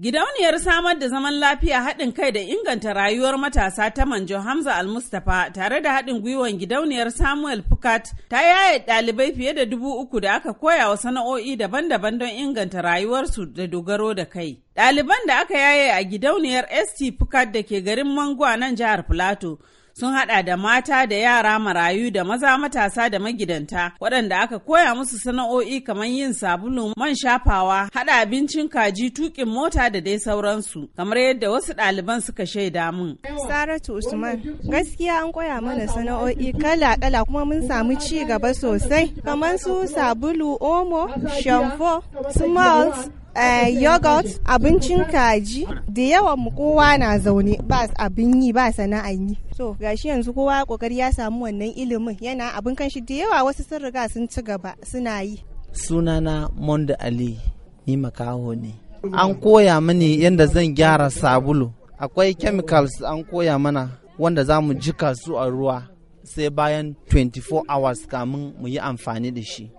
Gidauniyar samar da zaman lafiya haɗin kai da inganta rayuwar matasa ta Manjo Hamza Almustapha tare da haɗin gwiwan gidauniyar Samuel pukat ta yaye ɗalibai fiye da dubu uku da aka koya wa sana'o'i daban-daban don inganta rayuwarsu da dogaro da kai. Ɗaliban da aka yaye a gidauniyar ST pukat da ke garin Mangwa nan jihar Filato sun hada da mata da yara marayu da maza matasa da magidanta waɗanda aka koya musu sana'o'i kamar yin sabulu man shafawa hada abincin kaji tukin mota da dai sauransu kamar yadda wasu ɗaliban suka shaida mun. Saratu Usman gaskiya an koya mana sana'o'i kala kala kuma mun samu ci gaba sosai kamar su sabulu omo shamfo smalls Eh, yogurt abincin kaji da yawan mu kowa na zaune ba abin yi ba sana'an yi so gashi yanzu kowa kokari ya samu wannan ilimin yana abin kanshi da yawa wasu sun riga sun ci gaba suna yi sunana Monda Ali ni makaho ne an koya mani yadda zan gyara sabulu akwai chemicals an koya mana wanda za mu jika su a ruwa sai bayan 24 hours kamun mu yi amfani da shi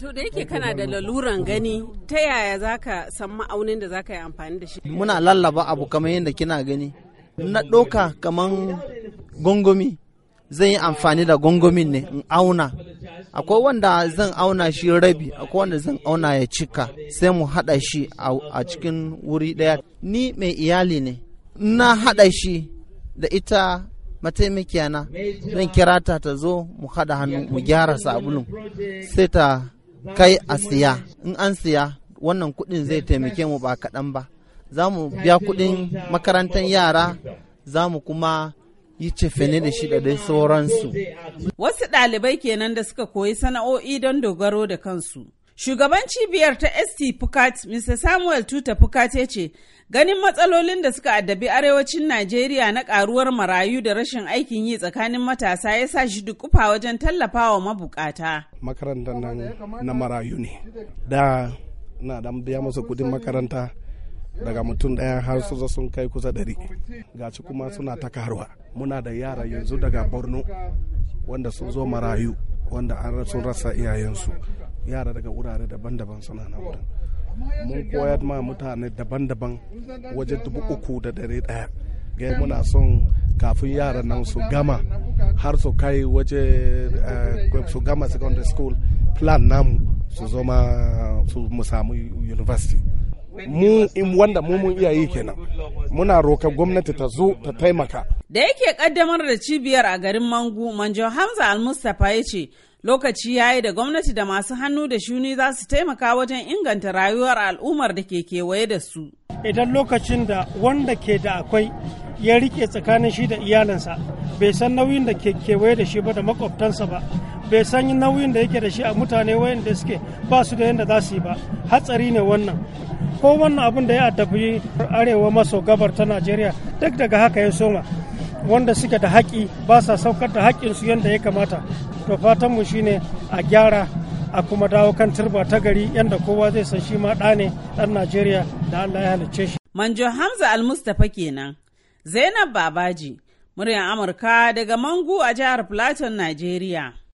To da yake kana da laluran gani ta yaya za ka san ma'aunin da za ka yi amfani da shi? Muna lallaba abu kamar yadda kina gani. Na ɗauka kamar gongomi zan yi amfani da gongomin ne in auna. Akwai wanda zan auna shi rabi, akwai wanda zan auna ya cika sai mu haɗa shi a cikin wuri ɗaya. Ni mai iyali ne, na haɗa shi da ita mataimakiya zan kira ta ta zo mu haɗa hannu mu gyara sabulun sai ta kai a siya in an siya wannan kuɗin zai taimake mu ba kaɗan ba za mu biya kuɗin makarantar yara za mu kuma yi cefene da shi da dai sauransu. Wasu ɗalibai kenan da suka koyi sana'o'i don dogaro da kansu. Shugaban cibiyar ta ST Pukat, Mr. Samuel Tuta Pukat ya ce, ganin matsalolin da suka addabi arewacin Najeriya na karuwar marayu da rashin aikin yi tsakanin matasa ya sa shi dukufa wajen tallafa wa mabukata. Makarantar nan na marayu ne. Da na da biya masa kudin makaranta daga mutum ɗaya har su sun kai kusa ɗari. ga kuma suna ta karuwa. Muna da yara yanzu daga Borno wanda sun zo marayu. wanda an sun rasa iyayensu yara daga wurare daban-daban suna na wurin mun koyar ma mutane daban-daban waje dubu uku da dare daya gai muna son kafin yara nan su gama har su kai waje eh, su gama secondary school plan namu su zoma su mu samu university mu in wanda mu mun iyayi yi kenan muna roka gwamnati ta zo ta taimaka Da yake kaddamar da cibiyar a garin Mangu, Manjo Hamza Al-Mustapha ya ce lokaci ya yi da gwamnati da masu hannu da shuni za su taimaka wajen inganta rayuwar al'ummar da ke kewaye da su. Idan lokacin da wanda ke da akwai ya rike tsakanin shi da iyalinsa bai san nauyin da ke kewaye da shi ba da makwabtansa ba bai san nauyin da yake da shi a mutane wayanda suke ba su da yadda za su yi ba hatsari ne wannan ko wannan abin da ya addabi arewa maso gabar ta najeriya duk daga haka ya soma wanda suke da haƙi ba sa saukar da haƙinsu yadda ya kamata to fatanmu shine a gyara a kuma dawo kan turba ta gari yadda kowa zai san shi ma ɗa ne ɗan najeriya da allah ya halicce shi manjo hamza almustapha kenan zainab babaji muryar amurka daga mangu a jihar plateau najeriya